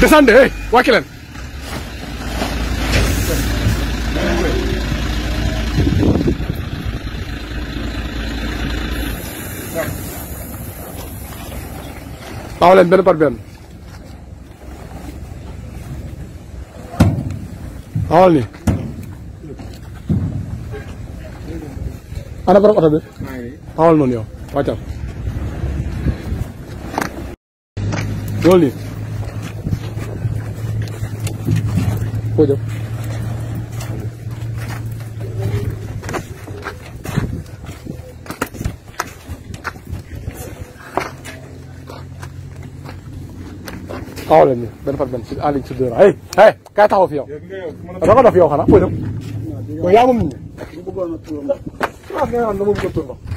descendez hey wàcc leen aw leen benn par benn awal ni ana borom oto bi awal noonu yow wàccal loolu nii Cô chụp taxaw leen ni benn par benn ci en ligne sur deux hey hey kaay taxaw fi yow. da nga def yow xanaa. waaw yaa moom nit ñi. waaw nga ne ma bëgg a tur ndox.